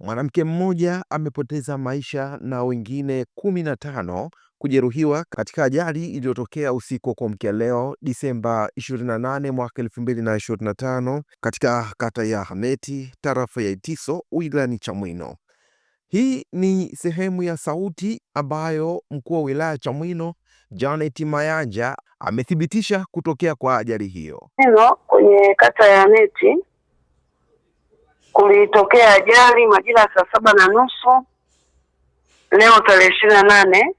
Mwanamke mmoja amepoteza maisha na wengine kumi na tano kujeruhiwa katika ajali iliyotokea usiku wa kuamkia leo Disemba 28 mwaka 2025 katika kata ya Hameti, tarafa ya Itiso, wilayani Chamwino. Hii ni sehemu ya sauti ambayo mkuu wa wilaya Chamwino Janet Mayanja amethibitisha kutokea kwa ajali hiyo. Neno kwenye kata ya Hameti kulitokea ajali majira ya saa saba na nusu leo tarehe ishirini na nane.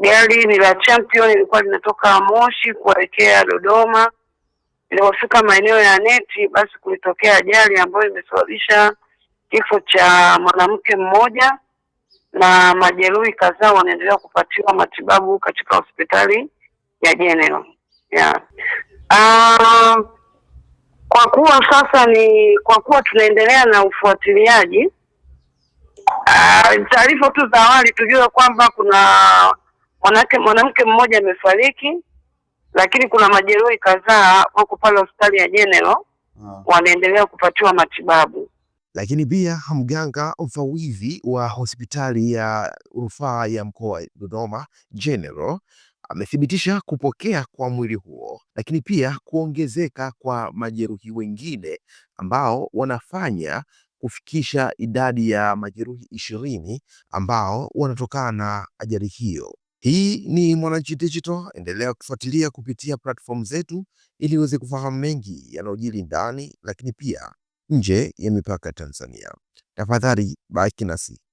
Gari ni la Champion ilikuwa linatoka Moshi kuelekea Dodoma. Ilipofika maeneo ya neti, basi kulitokea ajali ambayo imesababisha kifo cha mwanamke mmoja na majeruhi kadhaa wanaendelea kupatiwa matibabu katika hospitali ya General. Yeah. Uh, kwa kuwa sasa ni kwa kuwa tunaendelea na ufuatiliaji uh, taarifa tu za awali tujue kwamba kuna mwanamke mwanamke mmoja amefariki, lakini kuna majeruhi kadhaa huko pale hospitali ya Jenero hmm, ah. wanaendelea kupatiwa matibabu lakini pia mganga mfawidhi wa hospitali ya rufaa ya mkoa wa Dodoma General amethibitisha kupokea kwa mwili huo, lakini pia kuongezeka kwa majeruhi wengine ambao wanafanya kufikisha idadi ya majeruhi ishirini ambao wanatokana na ajali hiyo. Hii ni Mwananchi Digital, endelea kufuatilia kupitia platform zetu ili uweze kufahamu mengi yanayojiri ndani, lakini pia nje ya mipaka ya Tanzania. Tafadhali baki nasi.